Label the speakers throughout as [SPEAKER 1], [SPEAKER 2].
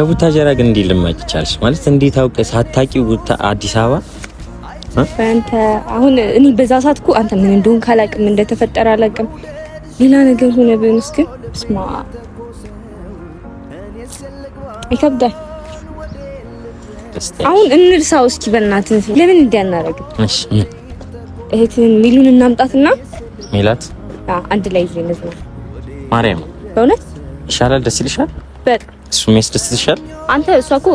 [SPEAKER 1] ከቡታጀራ ግን እንዴት ልማጭ ይቻልሽ? ማለት እንዴት አውቀ ሳታቂው አዲስ አበባ
[SPEAKER 2] አንተ አሁን እኔ በዛ ሰዓት እኮ አንተ ምን እንደሆን ካላቅም እንደተፈጠረ አላቅም ሌላ ነገር ሆነ ቢሆንስ ግን ስማ ይከብዳል። አሁን እንርሳው እስኪ በእናት ለምን እንዲያናረግ እሺ እህትህን ሚሉን እናምጣትና ሚላት አንድ ላይ ይዘን ማርያም በእውነት
[SPEAKER 1] ይሻላል። ደስ ይልሻል በጣም እሱ የሚያስደስትሻል?
[SPEAKER 2] አንተ እሷ እኮ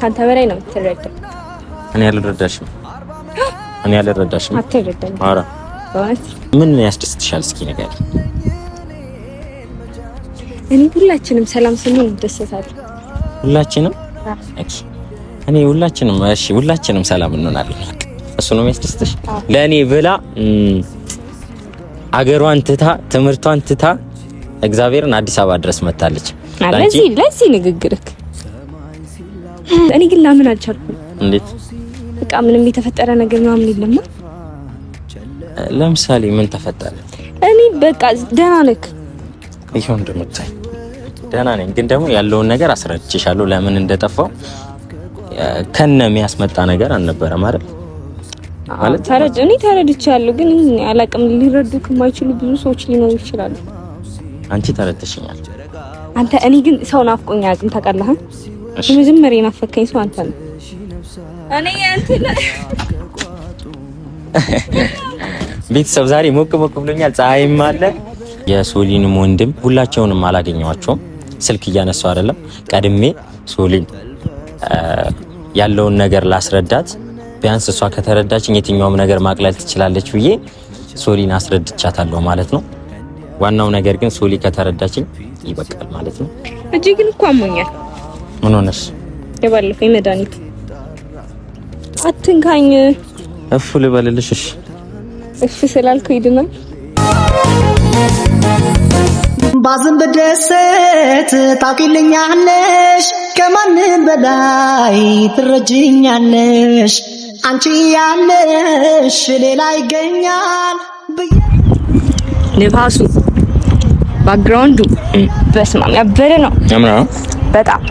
[SPEAKER 2] ካንተ በላይ ነው የምትረዳው።
[SPEAKER 1] እኔ አልረዳሽም፣ እኔ አልረዳሽም። አትረዳኝ። ኧረ ምን ያስደስትሻል? እስኪ ንገሪኝ።
[SPEAKER 2] እኔ ሁላችንም ሰላም ስንሆን እንደሰታለን። ሁላችንም እሺ፣
[SPEAKER 1] እኔ ሁላችንም እሺ፣ ሁላችንም ሰላም እንሆናለን። እሱ ነው የሚያስደስትሽ? ለእኔ ብላ አገሯን ትታ ትምህርቷን ትታ እግዚአብሔርን አዲስ አበባ ድረስ መታለች።
[SPEAKER 2] ለዚህ ለዚህ ንግግርክ እኔ ግን ላምን አልቻልኩም። እንዴት በቃ ምንም የተፈጠረ ነገር ምናምን የለማ።
[SPEAKER 1] ለምሳሌ ምን ተፈጠረ?
[SPEAKER 2] እኔ በቃ ደህና ነክ
[SPEAKER 1] ይሁን እንደምታይ ደህና ነኝ፣ ግን ደግሞ ያለውን ነገር አስረድቼሻለሁ። ለምን እንደጠፋው ከነ የሚያስመጣ ነገር አልነበረም አይደል?
[SPEAKER 2] ማለት ተረድ እኔ ተረድቻለሁ፣ ግን አላቅም ሊረዱክ የማይችሉ ብዙ ሰዎች ሊኖሩ ይችላሉ።
[SPEAKER 1] አንቺ ተረድተሽኛል።
[SPEAKER 2] አንተ እኔ ግን ሰው ናፍቆኝ አቅም ታውቃለህ። መጀመሪያ የናፈከኝ ሰው አንተ ነው። እኔ
[SPEAKER 1] ቤተሰብ ዛሬ ሞቅ ሞቅ ብሎኛል። ፀሐይም አለ። የሶሊንም ወንድም ሁላቸውንም አላገኘዋቸውም። ስልክ እያነሱ አይደለም። ቀድሜ ሶሊን ያለውን ነገር ላስረዳት፣ ቢያንስ እሷ ከተረዳችኝ የትኛውም ነገር ማቅለል ትችላለች ብዬ ሶሊን አስረድቻታለሁ ማለት ነው። ዋናው ነገር ግን ሶሊ ከተረዳችኝ ይበቃል ማለት ነው።
[SPEAKER 2] እጅ ግን እኮ አሞኛል። ምን ሆነሽ? የባለፈው መድኃኒት አትንካኝ።
[SPEAKER 1] እፍ ልበልልሽ? እሺ
[SPEAKER 2] እፍ ስላልከው ይድናል። ባዝን በደሰት ታውቂልኛለሽ፣ ከማንም በላይ ትረጅኛለሽ። አንቺ ያለሽ ሌላ ይገኛል ንፋሱ ባክግራውንዱ በስማም ያበደ ነው። በጣም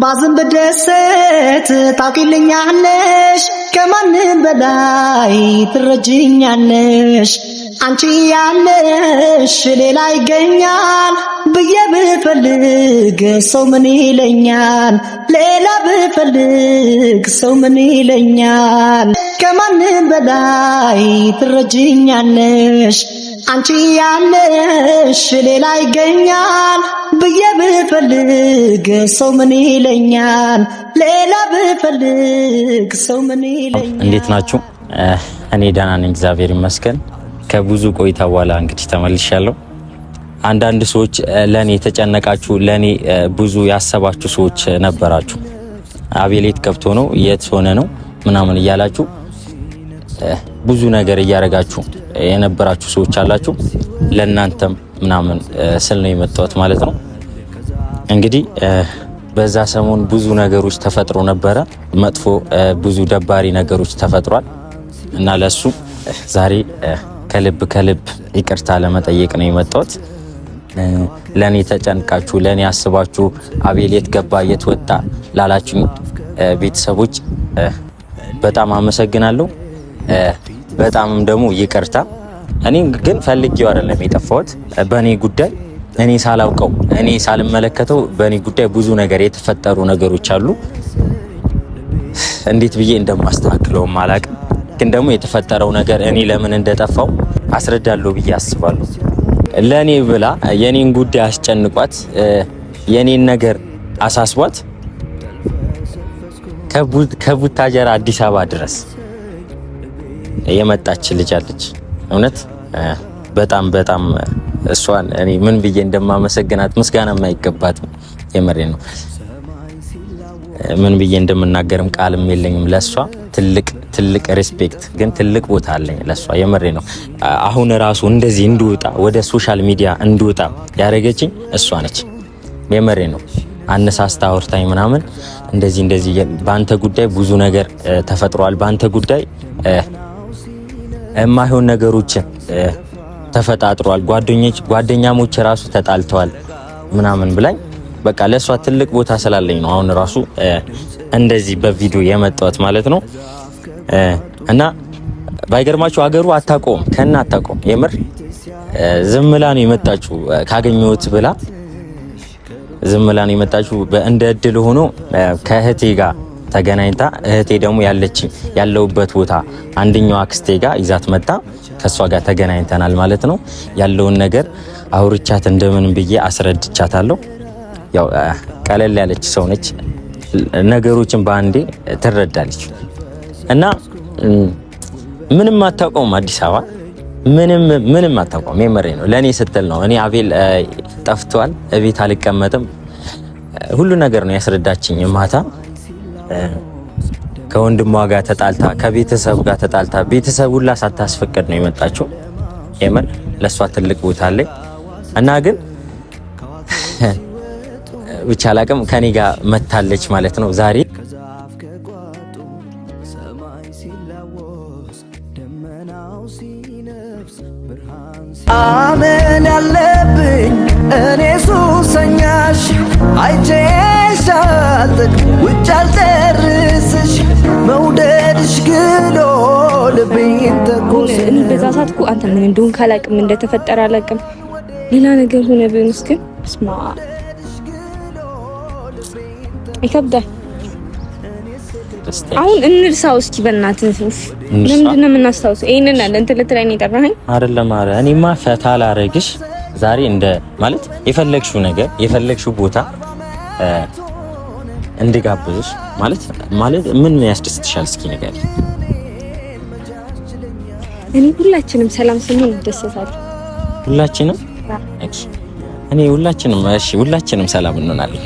[SPEAKER 2] ባዝን በደሰት ታውቂልኛለሽ፣ ከማንም በላይ ትረጅኛለሽ። አንቺ ያለሽ ሌላ ይገኛል ብዬ ብፈልግ ሰው ምን ይለኛል? ሌላ ብፈልግ
[SPEAKER 1] ሰው ምን ይለኛል? ከማንም በላይ ትረጅኛለሽ አንቺ ያለሽ ሌላ ይገኛል ብዬ ብፈልግ ሰው ምን ይለኛል? ሌላ ብፈልግ ሰው ምን ይለኛል? እንዴት ናችሁ? እኔ ደህና ነኝ፣ እግዚአብሔር ይመስገን። ከብዙ ቆይታ በኋላ እንግዲህ ተመልሻለሁ። አንዳንድ ሰዎች ለእኔ የተጨነቃችሁ ለእኔ ብዙ ያሰባችሁ ሰዎች ነበራችሁ። አቤሌት ገብቶ ነው የት ሆነ ነው ምናምን እያላችሁ ብዙ ነገር እያደረጋችሁ የነበራችሁ ሰዎች አላችሁ። ለእናንተም ምናምን ስል ነው የመጣሁት ማለት ነው። እንግዲህ በዛ ሰሞን ብዙ ነገሮች ተፈጥሮ ነበረ፣ መጥፎ ብዙ ደባሪ ነገሮች ተፈጥሯል እና ለሱ ዛሬ ከልብ ከልብ ይቅርታ ለመጠየቅ ነው የመጣሁት። ለእኔ ተጨንቃችሁ ለእኔ አስባችሁ አቤል የት ገባ የት ወጣ ላላችሁ ቤተሰቦች በጣም አመሰግናለሁ። በጣም ደግሞ ይቅርታ። እኔ ግን ፈልጌው አይደለም የጠፋሁት። በእኔ ጉዳይ እኔ ሳላውቀው እኔ ሳልመለከተው በእኔ ጉዳይ ብዙ ነገር የተፈጠሩ ነገሮች አሉ። እንዴት ብዬ እንደማስተካክለውም አላቅም። ግን ደግሞ የተፈጠረው ነገር እኔ ለምን እንደጠፋው አስረዳለሁ ብዬ አስባለሁ። ለእኔ ብላ የኔን ጉዳይ አስጨንቋት የኔን ነገር አሳስቧት ከቡታጀራ አዲስ አበባ ድረስ የመጣች ልጅ አለች። እውነት በጣም በጣም እሷን እኔ ምን ብዬ እንደማመሰግናት ምስጋና የማይገባት የመሬ ነው። ምን ብዬ እንደምናገርም ቃልም የለኝም። ለሷ ትልቅ ትልቅ ሪስፔክት ግን ትልቅ ቦታ አለኝ ለእሷ። የመሬ ነው። አሁን ራሱ እንደዚህ እንድወጣ ወደ ሶሻል ሚዲያ እንድወጣ ያደረገችኝ እሷ ነች። የመሬ ነው። አነሳስታ አውርታኝ ምናምን እንደዚህ እንደዚህ በአንተ ጉዳይ ብዙ ነገር ተፈጥሯል፣ በአንተ ጉዳይ የማይሆን ነገሮችን ተፈጣጥሯል፣ ጓደኛሞች ራሱ ተጣልተዋል ምናምን ብላኝ በቃ ለእሷ ትልቅ ቦታ ስላለኝ ነው አሁን ራሱ እንደዚህ በቪዲዮ የመጣሁት ማለት ነው። እና ባይገርማችሁ አገሩ አታቆም ከና አታቆም የምር ዝምላ ነው የመጣችሁ ካገኘሁት ብላ ዝምላ ነው የመጣችሁ። እንደ እድል ሆኖ ከእህቴ ጋር ተገናኝታ እህቴ ደግሞ ያለች ያለውበት ቦታ አንደኛው አክስቴ ጋር ይዛት መጣ። ከሷ ጋር ተገናኝተናል ማለት ነው። ያለውን ነገር አውርቻት እንደምን ብዬ አስረድቻታለሁ። ያው ቀለል ያለች ሰው ነች፣ ነገሮችን በአንዴ ትረዳለች እና ምንም አታውቀውም አዲስ አበባ ምንም ምንም አታውቀውም። የመሬ ነው ለእኔ ስትል ነው። እኔ አቤል ጠፍቷል፣ እቤት አልቀመጥም፣ ሁሉ ነገር ነው ያስረዳችኝ ማታ ከወንድሟ ጋር ተጣልታ ከቤተሰብ ጋር ተጣልታ ቤተሰብ ሁላ ሳታስፈቅድ ነው የመጣችው። የምር ለእሷ ትልቅ ቦታ አለኝ እና ግን ብቻ አላቅም ከኔ ጋር መታለች ማለት ነው ዛሬ አመን ያለብኝ
[SPEAKER 2] እኔ ሱሰኛሽ አይቼ አይቼሻል ውጫልተ ግን እኔ በዛ ሰዓት እኮ አንተ ምን እንደሆን ካላቅም እንደተፈጠረ አላቅም ሌላ ነገር ሆነ ብንስ ግን ስማ ይከብዳል። አሁን እንርሳው እስኪ በእናትህ ለምንድን ነው የምናስታውሰው? ይሄንን አለ እንትን ልትለኝ ነው የጠራኸኝ
[SPEAKER 1] አይደለም? አረ እኔማ ፈታ ላረግሽ ዛሬ እንደ ማለት የፈለግሽው ነገር የፈለግሽው ቦታ እንድጋብዝሽ ማለት ማለት ምን ያስደስትሻል? እስኪ ንገሪኝ
[SPEAKER 2] እኔ ሁላችንም ሰላም ስንል ይደሰታል። ሁላችንም እሺ፣
[SPEAKER 1] እኔ ሁላችንም እሺ፣ ሁላችንም ሰላም እንሆናለን።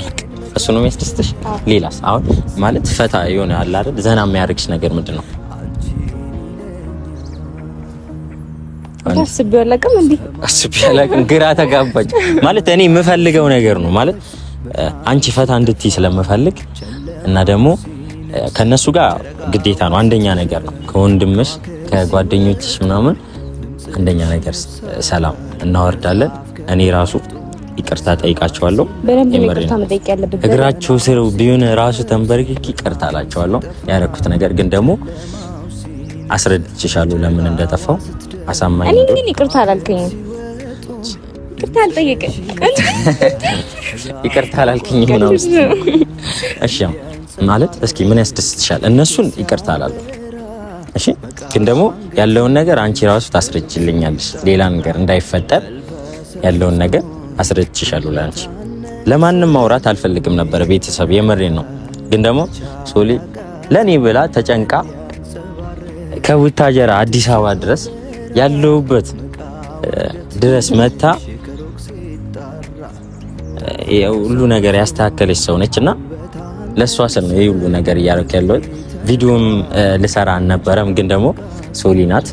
[SPEAKER 1] እሱ ነው የሚያስደስትሽ። ሌላስ? አሁን ማለት ፈታ የሆነ አለ አይደል? ዘና የሚያደርግሽ ነገር ምንድን ነው?
[SPEAKER 2] አስቤ አላውቅም። እንዴ
[SPEAKER 1] አስቤ አላውቅም። ግራ ተጋባች። ማለት እኔ የምፈልገው ነገር ነው ማለት አንቺ ፈታ እንድትይ ስለምፈልግ እና ደግሞ ከነሱ ጋር ግዴታ ነው አንደኛ ነገር ነው ከወንድምሽ ከጓደኞችሽ ምናምን አንደኛ ነገር ሰላም እናወርዳለን። እኔ ራሱ ይቅርታ ጠይቃቸዋለሁ። እግራቸው ስር ቢሆን ራሱ ተንበርክክ ይቅርታ አላቸዋለሁ ያደረኩት ነገር ግን ደግሞ አስረድችሻለሁ ለምን እንደጠፋው አሳማኝ።
[SPEAKER 2] እኔ ግን ይቅርታ አላልከኝም፣ ይቅርታ አልጠየቅም፣
[SPEAKER 1] ይቅርታ አላልከኝም ምናምን። እሺ ማለት እስኪ ምን ያስደስትሻል? እነሱን ይቅርታ አላለሁ። እሺ ግን ደግሞ ያለውን ነገር አንቺ ራሱ ታስረጅልኛለሽ። ሌላ ነገር እንዳይፈጠር ያለውን ነገር አስረጅሻለሁ ለአንቺ። ለማንም ማውራት አልፈልግም ነበረ ቤተሰብ፣ የምሬ ነው። ግን ደግሞ ሶሊ ለእኔ ብላ ተጨንቃ ከቡታጀራ አዲስ አበባ ድረስ ያለውበት ድረስ መታ ሁሉ ነገር ያስተካከለች ሰው ነች እና ለእሷ ስል ነው ይህ ሁሉ ነገር እያደረኩ ያለሁት። ቪዲዮም ልሰራ አልነበረም፣ ግን ደግሞ ሶሊ ናት።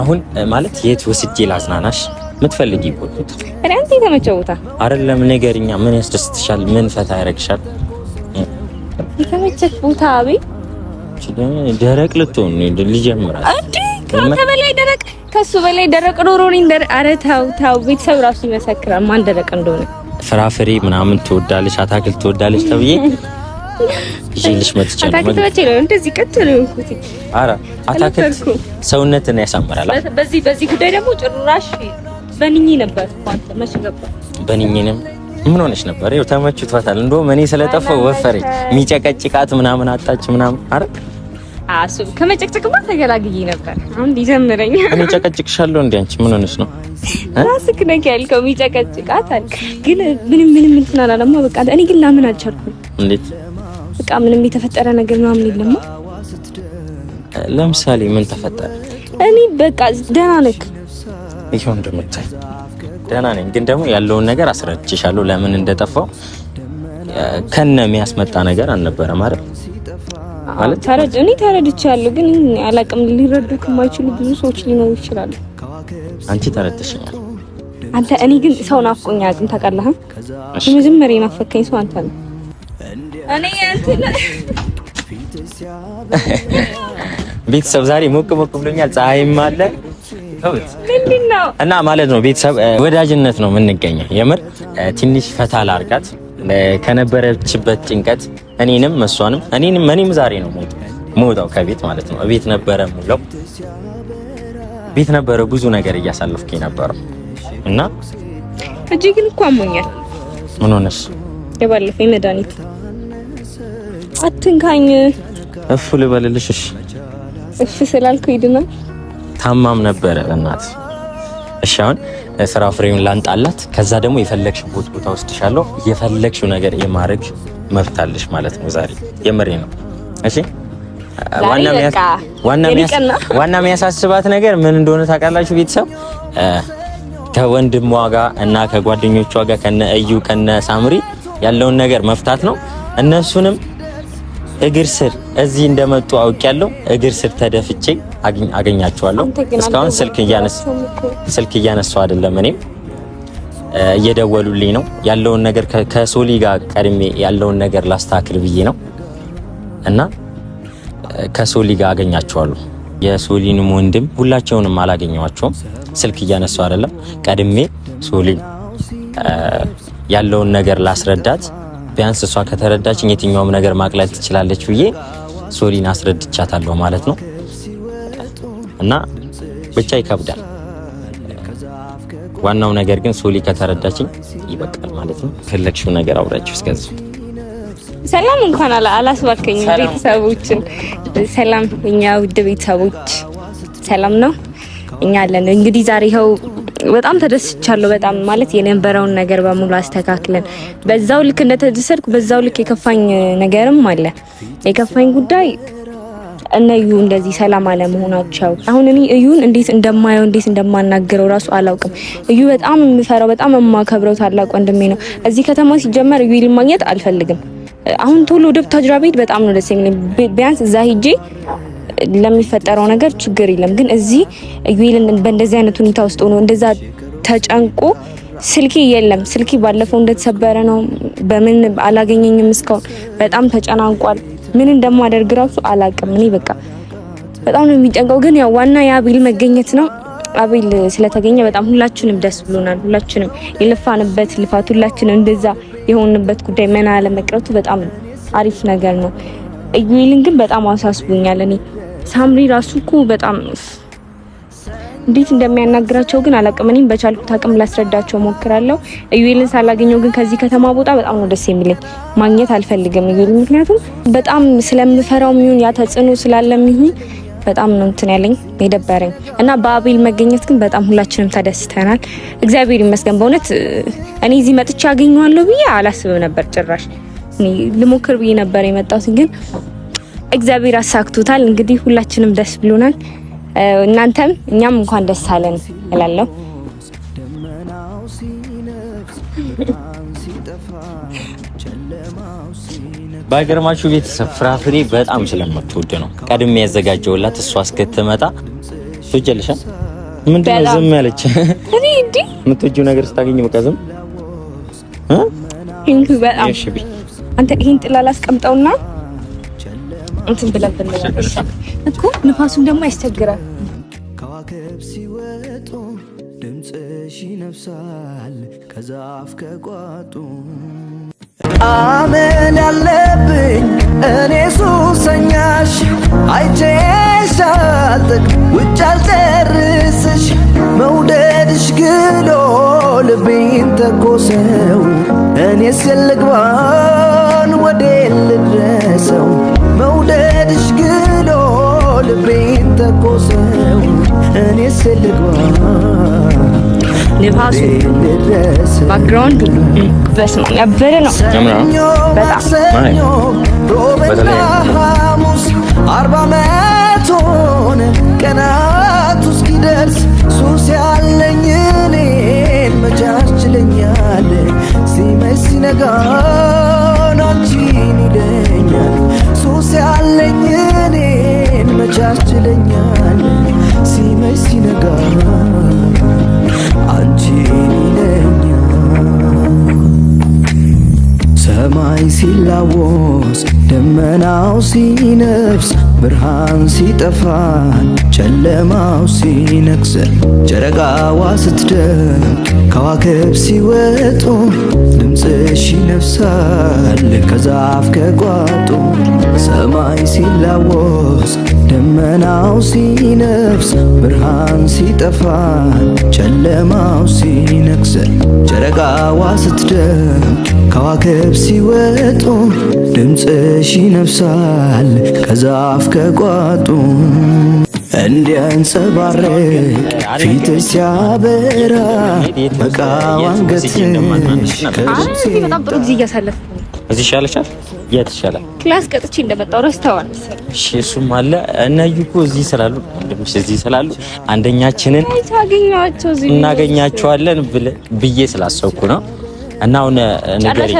[SPEAKER 1] አሁን ማለት የት ወስጄ ላዝናናሽ? ምትፈልጊ ይቆጡት
[SPEAKER 2] አንተ የተመቸ ቦታ
[SPEAKER 1] አይደለም። ነገርኛ ምን ያስደስትሻል? ምን ፈታ ያረግሻል?
[SPEAKER 2] የተመቸት ቦታ አቤ
[SPEAKER 1] ደረቅ ልትሆን ልጀምራል።
[SPEAKER 2] ከአንተ በላይ ደረቅ፣ ከሱ በላይ ደረቅ ተው ተው፣ ቤተሰብ ራሱ ይመሰክራል ማን ደረቅ እንደሆነ።
[SPEAKER 1] ፍራፍሬ ምናምን ትወዳለች፣ አታክልት ትወዳለች ተብዬ ይዤልሽ
[SPEAKER 2] መጥቻለሁ። እንደዚህ
[SPEAKER 1] ኧረ አታክልት ሰውነትን ያሳምራል።
[SPEAKER 2] በዚህ በዚህ ጉዳይ ደግሞ ጭራሽ በንኝ ነበር
[SPEAKER 1] በንኝንም ምን ሆነች ነበር? ይኸው ተመችቷታል። እንደውም እኔ ስለጠፋው ወፈረች። ሚጨቀጭቃት ምናምን አጣች ምናምን። አረ
[SPEAKER 2] አሱ ከመጨቅጨቅማ ተገላግዬ ነበር። አሁን ሊጀምረኝ
[SPEAKER 1] እኔ ጨቀጭቅሻለሁ። እንደ አንቺ ምን ሆነሽ ነው?
[SPEAKER 2] ራስህ ነህ ያልከው ሚጨቀጭቃት አልክ። ግን ምንም ምንም እንትን አላለማ። በቃ እኔ ግን ላምን አልቻልኩም። እንዴት በቃ ምንም የተፈጠረ ነገር ምናምን የለም።
[SPEAKER 1] ለምሳሌ ምን ተፈጠረ?
[SPEAKER 2] እኔ በቃ ደህና ነክ
[SPEAKER 1] ይሄው እንደምታይ ደህና ነኝ፣ ግን ደግሞ ያለውን ነገር አስረድቼሻለሁ። ለምን እንደጠፋው ከነ የሚያስመጣ ነገር አልነበረም አይደል?
[SPEAKER 2] ማለት ተረድ እኔ ተረድቻለሁ፣ ግን አላቅም። ሊረዱ ከማይችሉ ብዙ ሰዎች ሊኖሩ ይችላሉ።
[SPEAKER 1] አንቺ ተረድተሽኛል።
[SPEAKER 2] አንተ እኔ ግን ሰው ናፍቆኛ፣ ግን ታውቃለህ፣ የመጀመሪያ የናፈከኝ ሰው አንተ ነው።
[SPEAKER 1] ቤተሰብ ዛሬ ሞቅ ሞቅ ብሎኛል። ፀሐይም አለ እና ማለት ነው ቤተሰብ ወዳጅነት ነው የምንገኘው። የምር ትንሽ ፈታ ላርጋት ከነበረችበት ጭንቀት እኔንም እሷንም እኔንም እኔም ዛሬ ነው መውጣው ከቤት ማለት ነው። ቤት ነበረ ሙለው ቤት ነበረ ብዙ ነገር እያሳለፍኩ ነበረው እና
[SPEAKER 2] እጅ እኮ አሞኛል። ምን ሆነሽ? የባለፈ መድኃኒት አትንካኝ።
[SPEAKER 1] እፉ ልበልልሽ? እሺ
[SPEAKER 2] እሺ ስላልኩ ይድና
[SPEAKER 1] ታማም ነበረ እናት። እሺ አሁን ስራ ፍሬውን ላንጣላት፣ ከዛ ደግሞ ቦት ቦታ ውስጥ ወስድሻለሁ። የፈለግሽው ነገር የማድረግ መብት አለሽ ማለት ነው። ዛሬ የምሬ ነው። እሺ ዋና የሚያሳስባት ነገር ምን እንደሆነ ታውቃላችሁ? ቤተሰብ ከወንድሟ ጋር እና ከጓደኞቿ ጋር ከነ እዩ ከነ ሳምሪ ያለውን ነገር መፍታት ነው እነሱንም እግር ስር እዚህ እንደመጡ አውቄያለሁ። እግር ስር ተደፍቼ አገኛቸዋለሁ። እስካሁን ስልክ እያነሱ አይደለም፣ እኔም እየደወሉልኝ ነው። ያለውን ነገር ከሶሊ ጋር ቀድሜ ያለውን ነገር ላስተካክል ብዬ ነው እና ከሶሊ ጋር አገኛቸዋለሁ። የሶሊንም ወንድም ሁላቸውንም አላገኘዋቸውም። ስልክ እያነሱ አይደለም። ቀድሜ ሶሊ ያለውን ነገር ላስረዳት ቢያንስ እሷ ከተረዳችኝ የትኛውም ነገር ማቅለል ትችላለች ብዬ ሶሊን አስረድቻታለሁ ማለት ነው። እና ብቻ ይከብዳል። ዋናው ነገር ግን ሶሊ ከተረዳችኝ ይበቃል ማለት ነው። ፈለግሽው ነገር አውራችሁ እስከዚህ
[SPEAKER 2] ሰላም እንኳን አላስባከኝ። ቤተሰቦችን ሰላም፣ እኛ ውድ ቤተሰቦች ሰላም ነው፣ እኛ አለን። እንግዲህ ዛሬ ይኸው በጣም ተደስቻለሁ። በጣም ማለት የነበረውን ነገር በሙሉ አስተካክለን በዛው ልክ እንደተደሰትኩ በዛው ልክ የከፋኝ ነገርም አለ። የከፋኝ ጉዳይ እነ እዩ እንደዚህ ሰላም አለመሆናቸው አሁን እኔ እዩን እንዴት እንደማየው እንዴት እንደማናገረው ራሱ አላውቅም። እዩ በጣም የምፈራው በጣም የማከብረው ታላቅ ወንድሜ ነው። እዚህ ከተማ ሲጀመር እዩ ልማግኘት አልፈልግም። አሁን ቶሎ ወደ ቡታጅራ ብሄድ በጣም ነው ደስ የሚለኝ። ቢያንስ እዛ ሂጄ ለሚፈጠረው ነገር ችግር የለም። ግን እዚህ እዩልን በእንደዚህ አይነት ሁኔታ ውስጥ ሆኖ እንደዛ ተጨንቆ ስልኬ የለም ስልኬ ባለፈው እንደተሰበረ ነው። በምን አላገኘኝም እስካሁን በጣም ተጨናንቋል። ምን እንደማደርግ ራሱ አላቅም። እኔ በቃ በጣም ነው የሚጨንቀው። ግን ያው ዋና የአቤል መገኘት ነው። አቤል ስለተገኘ በጣም ሁላችንም ደስ ብሎናል። ሁላችንም የለፋንበት ልፋት፣ ሁላችንም እንደዛ የሆንበት ጉዳይ መና ለመቅረቱ በጣም አሪፍ ነገር ነው። እዩልን ግን በጣም አሳስቦኛል እኔ ሳምሪ ራሱ እኮ በጣም እንዴት እንደሚያናግራቸው ግን አላቅም። እኔም በቻልኩት አቅም ላስረዳቸው ሞክራለሁ። እዩልን ሳላገኘው ግን ከዚህ ከተማ ቦታ በጣም ነው ደስ የሚለኝ። ማግኘት አልፈልግም እዩል፣ ምክንያቱም በጣም ስለምፈራው የሚሆን ያ ተጽዕኖ ስላለ የሚሆን በጣም ነው እንትን ያለኝ የደበረኝ እና በአቤል መገኘት ግን በጣም ሁላችንም ተደስተናል። እግዚአብሔር ይመስገን። በእውነት እኔ እዚህ መጥቼ አገኘዋለሁ ብዬ አላስብም ነበር ጭራሽ። ልሞክር ብዬ ነበር የመጣሁት ግን እግዚአብሔር አሳክቶታል። እንግዲህ ሁላችንም ደስ ብሎናል። እናንተም እኛም እንኳን ደስ አለን እላለሁ።
[SPEAKER 1] ባይገርማችሁ ቤተሰብ ፍራፍሬ በጣም ስለምትወድ ነው ቀድሜ ያዘጋጀውላት እሷ እስክትመጣ ትወጃለሻል። ምንድን ነው ዝም ያለች? እኔ እንዲ የምትወጂው ነገር ስታገኝ በቃ ዝም
[SPEAKER 2] አንተ ይህን ጥላላ አስቀምጠውና እንትን ብለን ብንመለስ እኮ ንፋሱን ደግሞ ያስቸግራል። ከዋክብ ሲወጡ ድምፅሽ ይነፍሳል ከዛፍ ከቋጡ አመል ያለብኝ እኔ ሱሰኛሽ አይቼሻልጥቅ ውጭ አልጨርስሽ መውደድሽ ግሎ ልቤን ተኮሰው እኔ ስልግባ እኔ ስልግባ ልባሱ ባክግራውንድ በስመ አብ ያበደ ነው። በጣም
[SPEAKER 1] ሮብና ሐሙስ አርባ ዓመት ሆነ ቀናቱ እስኪደርስ ሱስ ያለኝ እኔን መቻችለኛል ሲመሽ ሲነጋ Sí ብርሃን ሲጠፋ ጨለማው ሲነግስ ጨረቃዋ ስትደምቅ ከዋክብት ሲወጡ ድምፅሽ ይነፍሳል ከዛፍ ከቋጡ ሰማይ ሲላወስ ደመናው ሲነፍስ ብርሃን ሲጠፋ ጨለማው ሲነግስ ጨረቃዋ ስትደምቅ ከዋክብት ሲወጡ ድምፅሽ ይነፍሳል ከዛፍ ከቋጡ እንዲያንጸባረቅ ፊት ሲያበራ መቃው አንገትሽ በጣም ጥሩ የት ይሻላል?
[SPEAKER 2] ክላስ ቀጥቼ እንደመጣሁ ረስተዋል።
[SPEAKER 1] እሺ እሱም አለ እና ይኩ እዚህ ስላሉ ወንድምሽ እዚህ ስላሉ አንደኛችንን እናገኛቸዋለን ብዬ ስላሰብኩ ነው። እና አሁን ንገሪኝ።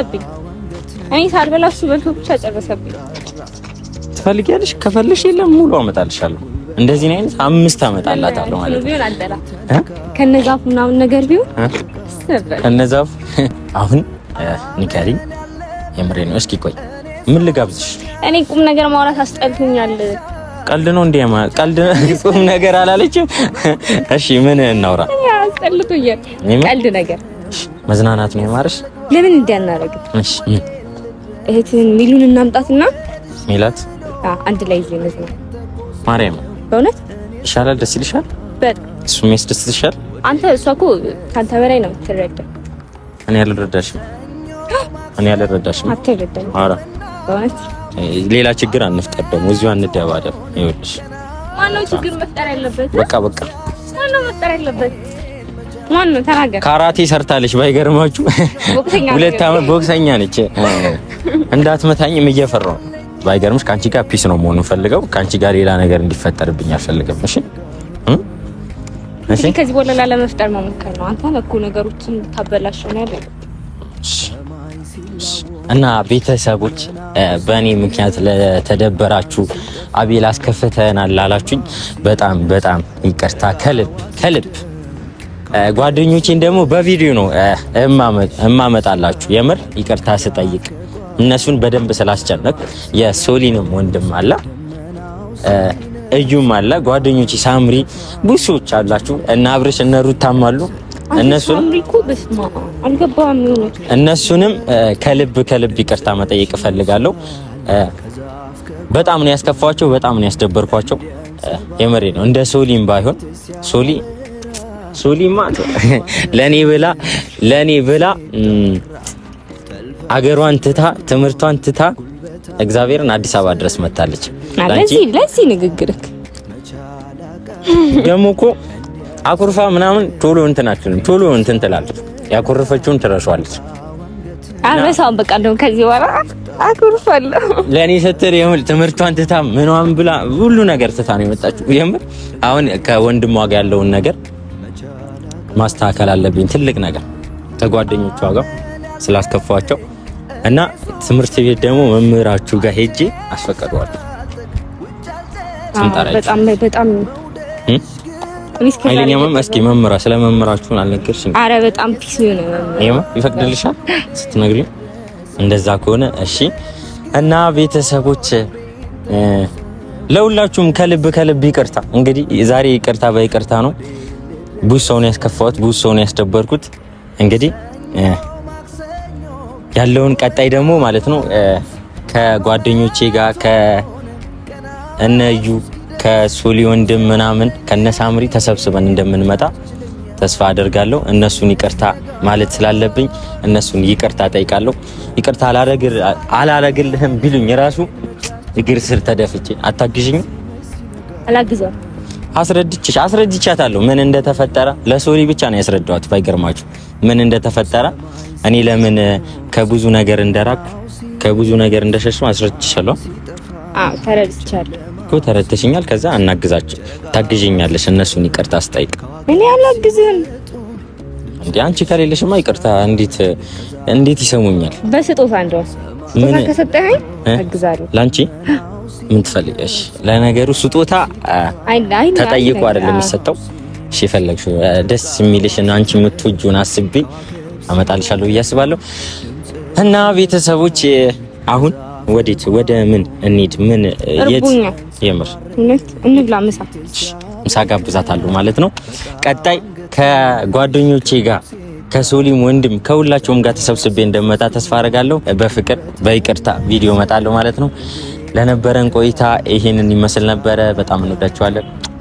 [SPEAKER 2] እኔ ሳልበላ እሱ በልቶ ብቻ ጨረሰብኝ።
[SPEAKER 1] ትፈልጊያለሽ? ከፈለሽ የለም ሙሉ አመጣልሻለሁ። እንደዚህ አይነት አምስት አመጣላታለሁ ማለት
[SPEAKER 2] ነው። ከነዛፉ ምናምን ነገር ቢሆን
[SPEAKER 1] ከነዛፉ አሁን ንገሪኝ። የምሬ ነው። እስኪ ቆይ ምን ልጋብዝሽ?
[SPEAKER 2] እኔ ቁም ነገር ማውራት አስጠልቶኛል።
[SPEAKER 1] ቀልድ ነው እንዴ? ቀልድ ቁም ነገር አላለችም። እሺ ምን እናውራ?
[SPEAKER 2] አስጠልቶኛል። ቀልድ ነገር
[SPEAKER 1] መዝናናት ነው የማረሽ።
[SPEAKER 2] ለምን እንዲያናረግ? እሺ እህትን ሚሉን እናምጣትና ሚላት አንድ ላይ ይዤ ነው። ማርያም በእውነት
[SPEAKER 1] ይሻላል። ደስ ይልሻል። በጣም እሱ የሚያስደስትሻል።
[SPEAKER 2] አንተ እሷ እኮ ከአንተ በላይ ነው የምትረዳ።
[SPEAKER 1] እኔ አልረዳሽም፣ እኔ አልረዳሽም። አትረዳኝ። ኧረ በእውነት ሌላ ችግር አንፍጠር፣ ደግሞ እዚሁ እንደባደብ። ይኸውልሽ
[SPEAKER 2] ማነው ችግር መፍጠር ያለበት? በቃ በቃ ማነው መፍጠር ያለበት? ማነው ተናገር።
[SPEAKER 1] ካራቴ ሰርታለች ባይገርማችሁ፣ ሁለት ዓመት ቦክሰኛ ነች። እንዳትመታኝም እየፈራሁ ባይገርምሽ ከአንቺ ጋር ፒስ ነው መሆን የምፈልገው። ከአንቺ ጋር ሌላ ነገር እንዲፈጠርብኝ አልፈልግም። እሺ
[SPEAKER 2] እሺ። ከዚህ በኋላ ለመፍጠር መሞከር ነው። አንተ እኮ ነገሮችን ታበላሽው ነው ያለው
[SPEAKER 1] እና ቤተሰቦች በእኔ ምክንያት ለተደበራችሁ አቤል አስከፍተናል ላላችሁኝ በጣም በጣም ይቅርታ ከልብ ከልብ። ጓደኞቼን ደግሞ በቪዲዮ ነው እማመጣላችሁ። የምር ይቅርታ ስጠይቅ እነሱን በደንብ ስላስጨነቅ የሶሊንም ወንድም አለ እዩም አለ ጓደኞች ሳምሪ ብሶች አላችሁ እና አብርሽ እነ ሩታም አሉ። እነሱንም ከልብ ከልብ ይቅርታ መጠየቅ እፈልጋለሁ። በጣም ነው ያስከፋቸው፣ በጣም ነው ያስደበርኳቸው። የመሬ ነው እንደ ሶሊም ባይሆን ሶሊ ሶሊማ ለኔ ብላ ለኔ ብላ አገሯን ትታ ትምህርቷን ትታ እግዚአብሔርን አዲስ አበባ ድረስ መታለች።
[SPEAKER 2] ለዚህ ለዚህ ንግግርክ
[SPEAKER 1] ደግሞ እኮ አኩርፋ ምናምን ቶሎ እንትን አትልም፣ ቶሎ እንትን ትላለች። ያኮረፈችውን ትረሷለች።
[SPEAKER 2] አረሳውን በቃ እንደውም ከዚህ በኋላ አኩርፋለሁ
[SPEAKER 1] ለእኔ ስትል የምል ትምህርቷን ትታ ምኗን ብላ ሁሉ ነገር ትታ ነው የመጣችው። የምል አሁን ከወንድሟ ጋር ያለውን ነገር ማስተካከል አለብኝ። ትልቅ ነገር ከጓደኞቿ ጋር ስላስከፋቸው እና ትምህርት ቤት ደግሞ መምህራችሁ ጋር ሄጄ አስፈቀደዋል።
[SPEAKER 2] በጣም በጣም
[SPEAKER 1] እስኪ መምህራ ስለ መምህራችሁን አልነገርሽም?
[SPEAKER 2] አረ በጣም ፒስ ነው
[SPEAKER 1] ይፈቅድልሻል ስትነግሪ? እንደዛ ከሆነ እሺ። እና ቤተሰቦች ለሁላችሁም ከልብ ከልብ ይቅርታ። እንግዲህ ዛሬ ይቅርታ በይቅርታ ነው ብዙ ሰውን ያስከፋሁት፣ ብዙ ሰውን ያስደበርኩት እንግዲህ ያለውን ቀጣይ ደግሞ ማለት ነው ከጓደኞቼ ጋር ከእነዩ ከሶሊ ወንድም ምናምን ከነሳምሪ ተሰብስበን እንደምንመጣ ተስፋ አደርጋለሁ። እነሱን ይቅርታ ማለት ስላለብኝ እነሱን ይቅርታ ጠይቃለሁ። ይቅርታ አላረግልህም ቢሉኝ ራሱ እግር ስር ተደፍቼ አታግዥኝ አላግዘ አስረድችሽ አስረድቻታለሁ ምን እንደተፈጠረ ለሶሊ ብቻ ነው ያስረዳዋት ባይገርማችሁ ምን እንደተፈጠረ እኔ ለምን ከብዙ ነገር እንደራኩ ከብዙ ነገር እንደሸሸው አስረድቻለሁ።
[SPEAKER 2] አዎ ተረድቻለሁ
[SPEAKER 1] እኮ ተረድተሽኛል። ከዛ አናግዛቸው ታግዥኛለሽ። እነሱን ይቅርታ አስጠይቅ።
[SPEAKER 2] እኔ አላግዝም
[SPEAKER 1] እንዴ አንቺ ከሌለሽማ ይቅርታ እንዴት እንዴት ይሰሙኛል?
[SPEAKER 2] በስጦታ እንደው ስጦታ ከሰጠኸኝ
[SPEAKER 1] አግዛለሁ። ላንቺ ምን ትፈልጊያለሽ? ለነገሩ ስጦታ ተጠይቆ አይደለም የሚሰጠው ሽ የፈለግሽው ደስ የሚልሽን አንቺ የምትወጂውን አስቤ አመጣልሻለሁ ብዬ አስባለሁ። እና ቤተሰቦች አሁን ወዴት ወደ ምን እንሂድ? ምን የት የምር እንብላ? ምሳ ምሳ ጋብዛታለሁ ማለት ነው። ቀጣይ ከጓደኞቼ ጋር ከሶሊም ወንድም ከሁላቸውም ጋር ተሰብስቤ እንደመጣ ተስፋ አደርጋለሁ። በፍቅር በይቅርታ ቪዲዮ እመጣለሁ ማለት ነው። ለነበረን ቆይታ ይሄንን ይመስል ነበረ። በጣም እንወዳችኋለን።